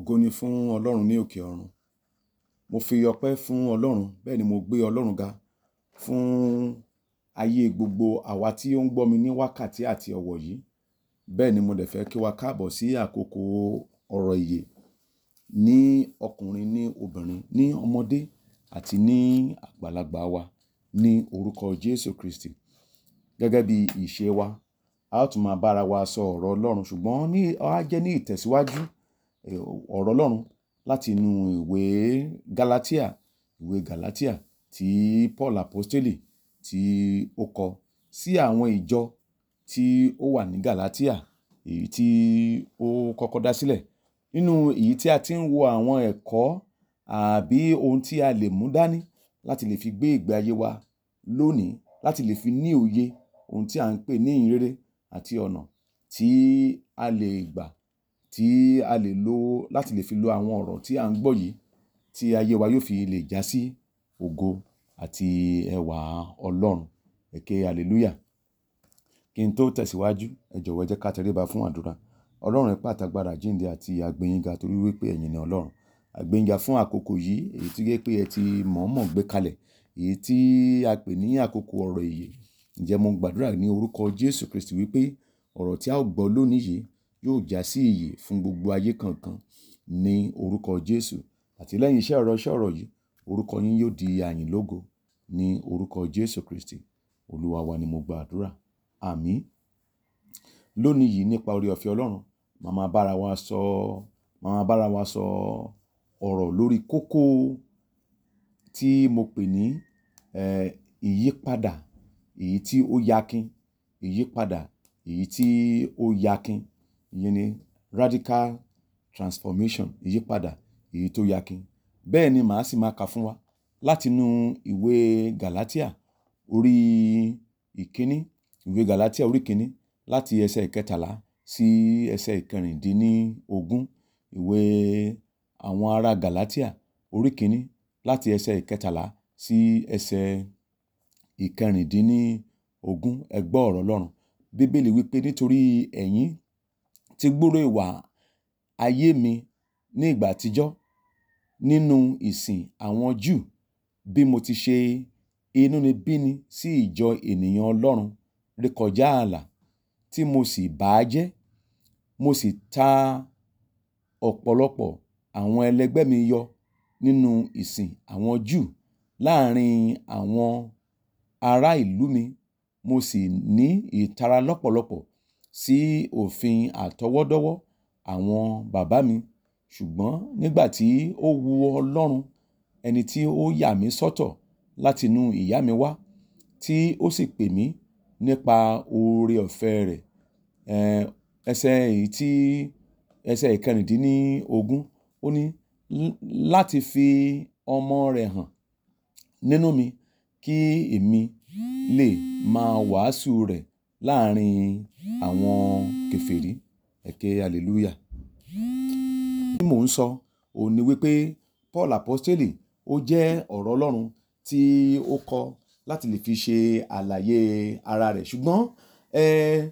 Ògo ni fún Ọlọ́run ní òkè ọ̀run. Mo fi ọpẹ́ fún Ọlọ́run, bẹ́ẹ̀ ni mo gbé Ọlọ́run ga fún ayé gbogbo àwa tí ó ń gbọ́ mi ní wákàtí àti ọ̀wọ̀ yìí. Bẹ́ẹ̀ ni mo dẹ̀ fẹ́ kí wa káàbọ̀ sí àkókò ọ̀rọ̀ ìyè ní ọkùnrin ní obìnrin, ní ọmọdé àti ní àgbàlagbà wa ní orúkọ Jésù Kristi. Gẹ́gẹ́ bí ìṣe wa, a ó tún máa bá wa sọ ọ̀rọ̀ Ọlọ́run ṣùgbọ́n ní a jẹ́ ní ìtẹ̀síwájú ọ̀rọ̀ Ọlọ́run láti inú ìwé Galatia, ìwé Galatia ti Paul Apostle ti ó kọ sí àwọn ìjọ tí ó wà ní Galatia, èyí tí ó kọ́kọ́ dá sílẹ̀. Nínú èyí tí a ti ń wo àwọn ẹ̀kọ́ àbí ohun tí a lè mú dání láti lè fi gbé ìgbé ayé wa lónìí, láti lè fi ní òye ohun tí à ń pè ní ìyìnrere àti ọ̀nà tí a lè gbà tí a lè lò láti lè fi lo àwọn ọ̀rọ̀ tí à ń gbọ́ yìí tí ayé wa yóò fi lè já sí ògo àti ẹwà Ọlọ́run. Èké hallelujah. Kí n tó tẹ̀síwájú, ẹ jọ̀wọ́ ẹ jẹ́ ká tẹríba fún àdúrà. Ọlọ́run ipá àtàgbàrà jíǹde àti àgbéyìnga torí wípé ẹ̀yin ni Ọlọ́run. Àgbéyìnga fún àkókò yìí èyí tí jẹ́ pé ẹ ti mọ̀ọ́mọ̀ gbé kalẹ̀, èyí tí a pè ní àkókò ọ̀rọ̀ ìyè. Ǹjẹ́ mo gbàdúrà ní orúkọ Jésù Kristi wípé ọ̀rọ̀ tí a ó gbọ́ lónìí yìí yóò já sí ìyè fún gbogbo ayé kankan ní orúkọ Jésù àti lẹ́yìn iṣẹ́ ìránṣẹ́ ọ̀rọ̀ yìí orúkọ yín yóò di àyìnlógo ní orúkọ Jésù Kristi Olúwa wa ni mo gba àdúrà àmín lónìí yìí nípa orí ọ̀fẹ́ Ọlọ́run màmá bára wa sọ màmá bára wa sọ ọ̀rọ̀ lórí kókó tí mo pè ní ìyípadà èyí tí ó yakin ìyípadà èyí tí ó yakin Ìyẹn ni radical transformation, ìyípadà èyí tó yakin. Bẹ́ẹ̀ ni màá sì máa kà fún wa láti ìwé Galatia orí ìkíni, ìwé Galatia orí ìkíni láti ẹsẹ̀ ìkẹtàlá sí ẹsẹ̀ ìkẹrìndínlógún. Ìwé àwọn ará Galatia orí ìkíni láti ẹsẹ̀ ìkẹtàlá sí ẹsẹ̀ ìkẹrìndínlógún. Ẹ gbọ́ ọ̀rọ̀ Ọlọ́run. Bíbélì wípé nítorí ẹ̀yin ti gbúrò ìwà ayé mi ní ìgbà àtijọ́ nínú ìsìn àwọn Júù bí mo ti ṣe inúnibíni sí ìjọ ènìyàn Ọlọ́run rékọjá ààlà tí mo sì bà á jẹ́ mo sì ta ọ̀pọ̀lọpọ̀ àwọn ẹlẹgbẹ́ mi yọ nínú ìsìn àwọn Júù láàárín àwọn ará ìlú mi mo sì ní ìtara lọ́pọ̀lọpọ̀ sí òfin àtọwọ́dọ́wọ́ àwọn bàbá mi. Ṣùgbọ́n nígbà tí ó wu Ọlọ́run ẹni tí ó yà mí sọ́tọ̀ láti inú ìyá mi wá, tí ó sì pè mí nípa oore ọ̀fẹ́ rẹ̀. Ehn, ẹsẹ̀ èyí tí, ẹsẹ̀ ìkẹrìndínlógún ó ní láti fi ọmọ rẹ̀ hàn nínú mi kí èmi lè máa wàásù rẹ̀ láàárín àwọn kèfèrí. Ẹ ké hallelujah. Bí mò ń sọ, òun ní wípé Paul Apostle ó jẹ́ ọ̀rọ̀ Ọlọ́run tí ó kọ láti lè fi ṣe àlàyé ara rẹ̀. Ṣùgbọ́n, ẹ́,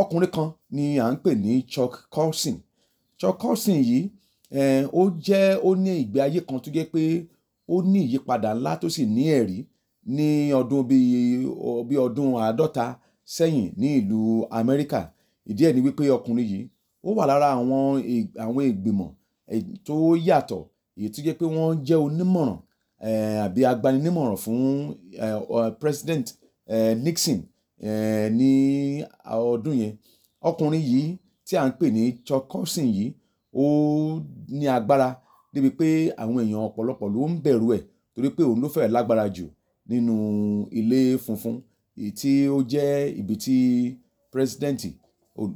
ọkùnrin kan ni à ń pè ní Chuck Colson. Chuck Colson yìí, ẹ́, ó jẹ́ ó ní ìgbé ayé kan tó jẹ́ pé ó ní ìyípadà ńlá tó sì ní ẹ̀rí ní ọdún bí, bí ọdún àádọ́ta sẹ́yìn ní ìlú Amẹ́ríkà ìdí ẹ̀ ni wípé ọkùnrin yìí ó wà lára àwọn ìgbìmọ̀ tó yàtọ̀ èyí tó jẹ́ pé wọ́n jẹ́ onímọ̀ràn àbí agbaninímọ̀ràn fún President Nixon ní ọdún yẹn ọkùnrin yìí tí à ń pè ní Chuck yìí ó ní agbára débi pé àwọn èèyàn ọ̀pọ̀lọpọ̀ ló ń bẹ̀rù ẹ̀ torí pé òun ló fẹ́ lágbára jù nínú ilé funfun tí ó jẹ́ ibi tí president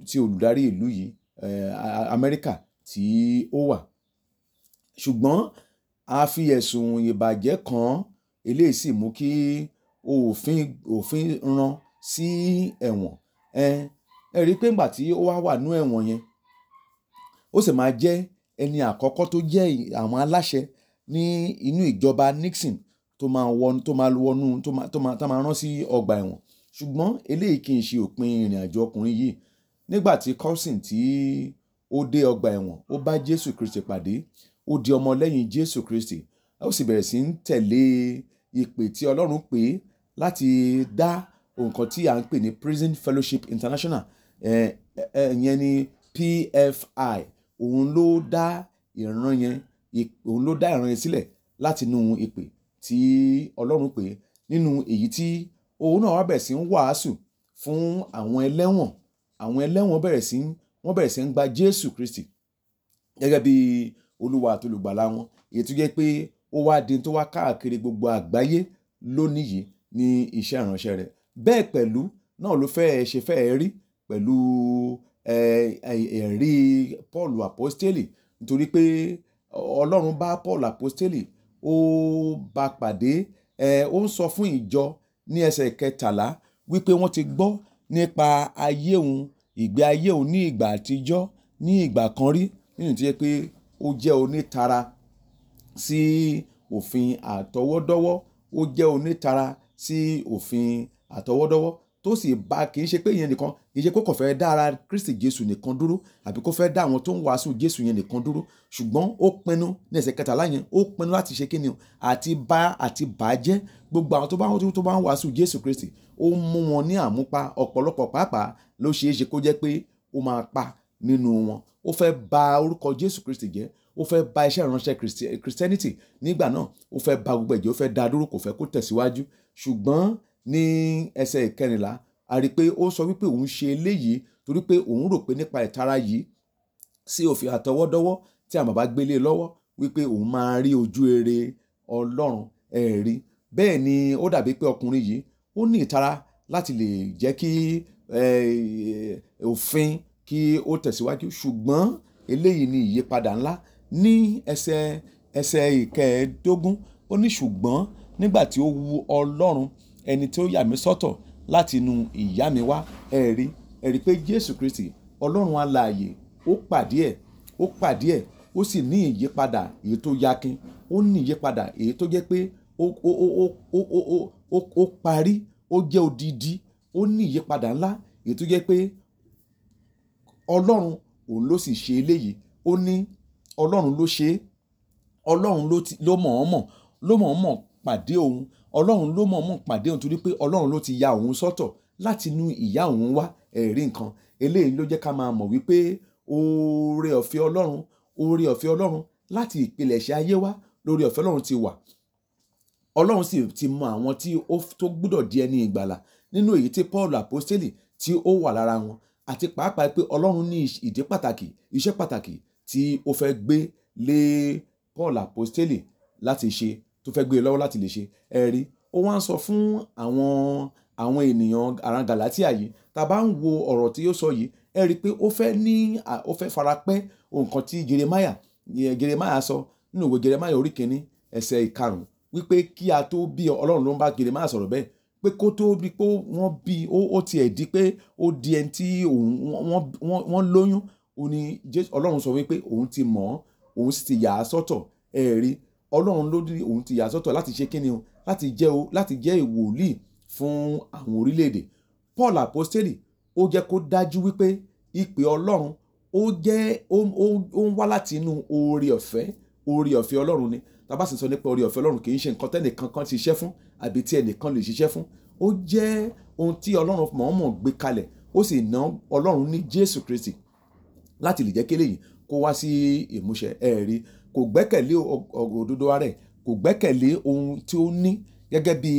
tí olùdarí ìlú yìí eh, Amẹ́ríkà tí ó wà ṣùgbọ́n a fi ẹ̀sùn ìbàjẹ́ kan eléyìí sì mú kí òfin òfin ran sí ẹ̀wọ̀n ẹ rí i pé ńgbà tí ó wá wà nú ẹ̀wọ̀n yẹn ó sì máa jẹ́ ẹni àkọ́kọ́ tó jẹ́ àwọn aláṣẹ ní inú ìjọba Nixon tó máa wọnú tó máa wọnú tó máa tó máa tó máa rán sí ọgbà ẹ̀wọ̀n ṣùgbọ́n eléyìí kì í ṣe òpin ìrìn àjò ọkùnrin yìí nígbà tí Coulson tí ó dé ọgbà ẹ̀wọ̀n ó bá Jésù Kristi pàdé ó di ọmọlẹ́yìn Jésù Kristi ó sì bẹ̀rẹ̀ sí ń tẹ̀lé ìpè tí Ọlọ́run pè é láti dá nǹkan tí à ń pè ní Prison Fellowship International ìyẹn ni PFI òun ló dá ìran yẹn òun ló dá ìran yẹn sílẹ̀ látinú ìpè tí Ọlọ́run pè nínú èyí tí òun náà wá bẹ̀rẹ̀ sí ń wàásù fún àwọn ẹlẹ́wọ̀n àwọn ẹlẹ́wọ̀n bẹ̀rẹ̀ sí wọ́n bẹ̀rẹ̀ sí ń gba Jésù Kristi gẹ́gẹ́ bí Olúwa àti olùgbàlà wọn èyí tó jẹ́ pé ó wá di tó wá káàkiri gbogbo àgbáyé lónìí yìí ní iṣẹ́ ìránṣẹ́ rẹ̀ bẹ́ẹ̀ pẹ̀lú náà ló fẹ́ ṣe fẹ́ rí pẹ̀lú ẹ̀rí Paul apostoli nítorí pé Ọlọ́run bá Paul apostoli ó bá pàdé ó ń sọ fún ìjọ ní ẹsẹ̀ kẹtàlá wípé wọ́n ti gbọ́ nípa ayé òun ìgbé ayé òun ní ìgbà àtijọ́ ní ìgbà kan rí nínú tí ó yẹ pé ó jẹ́ onítara sí òfin àtọwọ́dọ́wọ́ ó jẹ́ onítara sí òfin àtọwọ́dọ́wọ́ tó sì bá kì í ṣe pé ìyẹn nìkan kì í ṣe pé kò fẹ́ dá ara Kristi Jésù nìkan dúró àbí kò fẹ́ dá àwọn tó ń wàásù Jésù yẹn nìkan dúró ṣùgbọ́n ó pinnu ní ẹsẹ̀ kẹtàlá yẹn ó pinnu láti ṣe kíni àti bá àti bàjẹ́ gbogbo àwọn tó bá tó bá ń wàásù Jésù Kristi ó mú wọn ní àmúpa ọ̀pọ̀lọpọ̀ pàápàá ló ṣeé ṣe kó jẹ́ pé ó máa pa nínú wọn ó fẹ́ bà orúkọ Jésù Kristi jẹ́ ó fẹ́ bà iṣẹ́ ìránṣẹ́ Christianity nígbà náà ó fẹ́ bà gbogbo ẹ̀jẹ̀ ó fẹ́ dá dúró kò fẹ́ kó tẹ̀síwájú ṣùgbọ́n ní ẹsẹ̀ ìkẹrìnlá a rí i pé ó sọ wípé òun ṣe eléyìí torí pé òun rò pé nípa ìtara yìí sí òfin àtọwọ́dọ́wọ́ tí àwọn bàbá gbélé lọ́wọ́ wípé òun máa rí ojú rere ọlọ́run ẹ̀rí bẹ́ẹ̀ ni ó dàbí pé ọkùnrin yìí ó ní ìtara láti lè jẹ́ kí òfin kí ó tẹ̀síwájú ṣùgbọ́n eléyìí ni ìyípadà ńlá ní ẹsẹ̀ ẹsẹ̀ ìkẹẹ̀ẹ́dógún ó ní ṣùgbọ́n nígbà tí ó wu ọlọ́run ẹni tí ó yà mí sọ́tọ̀ láti inú ìyá mi wá ẹ̀rí ẹ̀rí pé Jésù Kristi Ọlọ́run alààyè ó pàdé ẹ̀ ó pàdé ẹ̀ ó sì ní ìyípadà èyí tó yakin ó ní ìyípadà èyí tó jẹ́ pé ó ó ó ó ó ó ó ó parí ó jẹ́ odidi ó ní ìyípadà ńlá èyí tó jẹ́ pé Ọlọ́run òun ló sì ṣe eléyìí ó ní Ọlọ́run ló ṣe Ọlọ́run ló mọ̀ ọ́n mọ̀ ló mọ̀ ọ́n mọ̀ pàdé òun ọlọ́run ló mọ̀ọ́mọ̀ pàdé òun torí pé ọlọ́run ló ti ya òun sọ́tọ̀ láti inú ìyá òun wá ẹ̀rí nǹkan eléyìí ló jẹ́ ká máa mọ̀ wípé oore ọ̀fẹ́ ọlọ́run oore ọ̀fẹ́ ọlọ́run láti ìpilẹ̀ṣẹ̀ ayé wá lórí ọ̀fẹ́ ọlọ́run ti wà ọlọ́run sì ti mọ àwọn tí ó tó gbúdọ̀ di ẹni ìgbàlà nínú èyí tí paul apostoli tí ó wà lára wọn àti pàápàá pé ọlọ́run ní ìdí pàtàkì iṣẹ́ pàtàkì tí ó fẹ́ gbé lé paul apostoli láti ṣe tó fẹ́ gbé e lọ́wọ́ láti lè ṣe ẹ rí ó wá ń sọ fún àwọn àwọn ènìyàn àran Gàlátíà yìí tá a bá ń wo ọ̀rọ̀ tí ó sọ yìí ẹ rí i pé ó fẹ́ ní ó fẹ́ farapẹ́ nǹkan tí Jeremiah eh, Jeremiah sọ nínú ìwé Jeremiah orí kìíní ẹsẹ̀ ìkarùn wípé kí a tó bí Ọlọ́run ló ń bá Jeremiah sọ̀rọ̀ bẹ́ẹ̀ pé kó tó bí pé wọ́n bí ó tiẹ̀ di pé ó di ẹni tí wọ́n lóyún ó ní Ọlọ́run sọ wípé òun ti mọ̀ ọ́ òun sì ti yà á sọ́tọ̀ ẹ̀rí ọlọ́run ló ní òun ti yà sọ́tọ̀ láti ṣe kíni o láti jẹ́ o láti jẹ́ ìwòlíì fún àwọn orílẹ̀-èdè Paul apostoli ó jẹ́ kó dájú wípé ìpè ọlọ́run ó jẹ́ ó ń wá láti inú oore ọ̀fẹ́ oore ọ̀fẹ́ ọlọ́run ni tábà sì sọ nípa oore ọ̀fẹ́ ọlọ́run kì í ṣe nǹkan tẹ́nìkan kan ti ṣiṣẹ́ fún àbí tí ẹnìkan lè ṣiṣẹ́ fún ó jẹ́ ohun tí ọlọ́run mọ̀ọ́mọ̀ gbé kalẹ̀ ó sì ná ọlọ́run ní Jésù Kristi láti lè jẹ́ kéléyìí kó wá sí ìmúṣẹ ẹ̀rí kò gbẹ́kẹ̀lé ọ̀rọ̀ òdodo rẹ̀ kò gbẹ́kẹ̀lé ohun tí ó ní gẹ́gẹ́ bí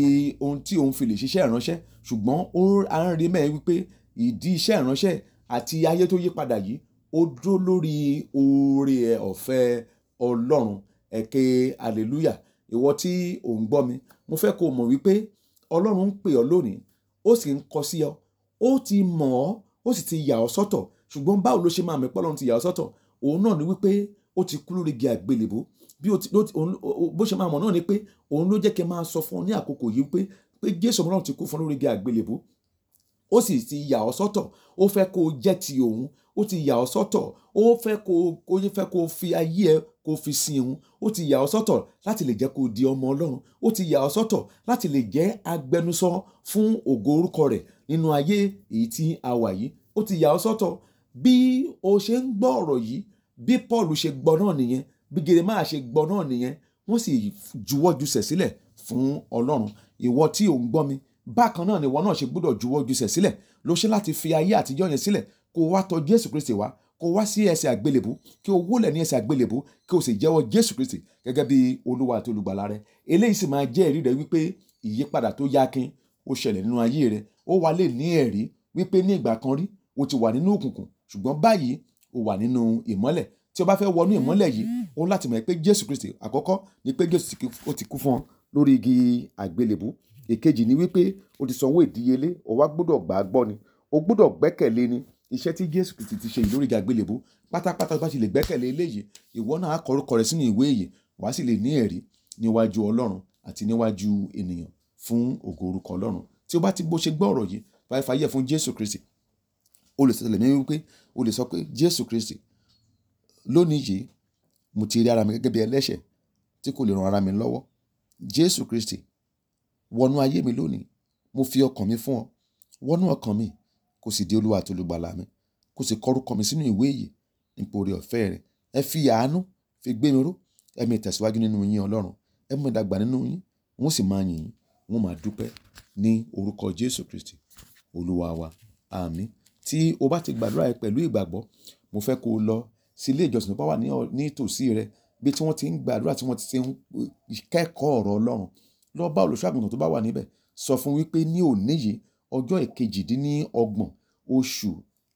ohun tí òun fi lè ṣiṣẹ́ ìránṣẹ́ ṣùgbọ́n ó à ń rí mẹ́ẹ̀ wípé ìdí iṣẹ́ ìránṣẹ́ àti ayé tó yí padà yìí ó dúró lórí oore ọ̀fẹ́ ọlọ́run ẹ̀kẹ́ hallelujah ìwọ tí ò ń gbọ́ mi mo fẹ́ kó mọ̀ wípé ọlọ́run ń pè ọ́ lónìí ó sì ń kọ sí ọ ó ti mọ̀ ọ́ ó sì ti yà ọ́ sọ́tọ̀ ṣùgbọ́n báwo ló ṣe máa mẹ́pọ́ ọlọ́run ti yà ọ́ sọ́tọ̀ òun náà ni wípé ó ti kú lórí igi àgbélébó bí ó ti bó ṣe máa mọ̀ náà ni pé òun ló jẹ́ kí n máa sọ fún ọ ní àkókò yìí pé pé Jésù ọmọlọ́run ti kú fún lórí igi àgbélébó ó sì ti yà ọ́ sọ́tọ̀ ó fẹ́ kó o jẹ́ ti òun ó ti yà ọ́ sọ́tọ̀ ó fẹ́ kó o fẹ́ kó o fi ayé ẹ kó o fi sin òun ó ti yà ọ́ sọ́tọ̀ láti lè jẹ́ kó o di ọmọ ọlọ́run ó ti yà ọ́ sọ́tọ̀ láti lè jẹ́ agbẹnusọ fún ògo orúkọ rẹ̀ nínú ayé èyí tí a wà yìí ó ti yà ọ́ sọ́tọ̀ bí o ṣe ń gbọ́ ọ̀rọ̀ yìí bí paul ṣe gbọ́ náà nìyẹn bí jeremiah ṣe gbọ́ náà nìyẹn wọ́n sì juwọ́ jùsẹ̀ sílẹ̀ fún ọlọ́run ìwọ tí ò ń mi bákan náà ni ìwọ náà ṣe gbọ́dọ̀ juwọ́ jùsẹ̀ sílẹ̀ ló ṣe láti fi ayé àtijọ́ yẹn sílẹ̀ kó o wá tọ̀ jésù kristi wá kó o wá sí ẹsẹ̀ àgbélébú kí o wólẹ̀ ní ẹsẹ̀ àgbélébú kí o sì jẹ́wọ́ jésù kristi gẹ́gẹ́ bí olúwa àti olùgbàlà rẹ eléyìí sì máa jẹ́ ẹ̀rí rẹ wípé ìyípadà tó yákin ó ṣẹlẹ̀ nínú ayé rẹ ó wá lè ní ẹ̀rí wípé ní ìgbà kan rí o ti wà nínú òkùnkùn ṣùgbọ́n báyìí o wà nínú ìmọ́lẹ̀ tí o bá fẹ́ wọnú ìmọ́lẹ̀ yìí mm-hmm. o láti mọ̀ pé Jésù Kristi àkọ́kọ́ ni pé Jésù ó ti kú fún ọ lórí igi àgbélébù èkejì ni wípé o ti sanwó ìdíyelé o wá gbọ́dọ̀ gbà á gbọ́ ni o gbọ́dọ̀ gbẹ́kẹ̀lé ni iṣẹ́ tí Jésù Kristi ti ṣe yìí lórí igi àgbélébù pátápátá bá ti lè gbẹ́kẹ̀lé eléyìí ìwọ náà á rẹ sínú ìwé yìí wàá sì lè ní ẹ̀rí níwájú Ọlọ́run àti níwájú ènìyàn fún ògo o lè sọ pé Jésù Kristi lónìí yìí mo ti rí ara mi gẹ́gẹ́ bí ẹlẹ́ṣẹ̀ tí kò lè ran ara mi lọ́wọ́ Jésù Kristi wọnú ayé mi lónìí mo fi ọkàn mi fún ọ wọnú ọkàn mi kò sì di Olúwa àti Olùgbàlà mi kò sì kọrúkọ mi sínú ìwé yìí nípa oore ọ̀fẹ́ rẹ ẹ fi àánú fi gbé mi ró ẹ̀mí ìtẹ̀síwájú nínú yín Ọlọ́run ẹ ìdàgbà nínú yín wọn sì máa yìn yín wọn máa dúpẹ́ ní orúkọ Jésù Kristi Olúwa wa àmín Tí o bá ti gbàdúrà yẹn pẹ̀lú ìgbàgbọ́, mo fẹ́ kó o lọ sí ilé ìjọsìn tó bá wà ní tòsí rẹ bí tí wọ́n ti ń gbàdúrà tí wọ́n ti ń eh, kẹ́kọ̀ọ́ ọ̀rọ̀ Ọlọ́run. Lọ bá olùṣọ́-àgùntàn tó bá wà níbẹ̀, sọ fún un wípé ní òní yìí, ọjọ́ kejìdínlọ́gbọ̀n oṣù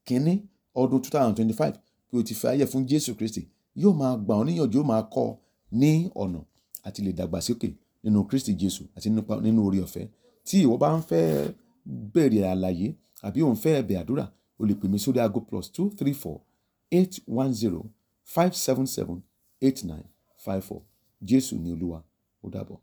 kínní ọdún 2025 pé o ti fi ayé fún Jésù Kristi, yóò máa gbà ọ́ níyànjú, yóò máa kọ́ ọ ní ọ̀nà àti lè dàgbàsókè nínú Kristi Jésù àti nípa nínú oore ọ̀fẹ́. Tí ìwọ bá ń fẹ́ béèrè àlàyé àbí òun fẹ́ ẹ̀bẹ̀ àdúrà o lè pè mí sórí aago plus two three four eight one zero five seven seven eight nine five four jésù ni olúwa ó dàbọ̀.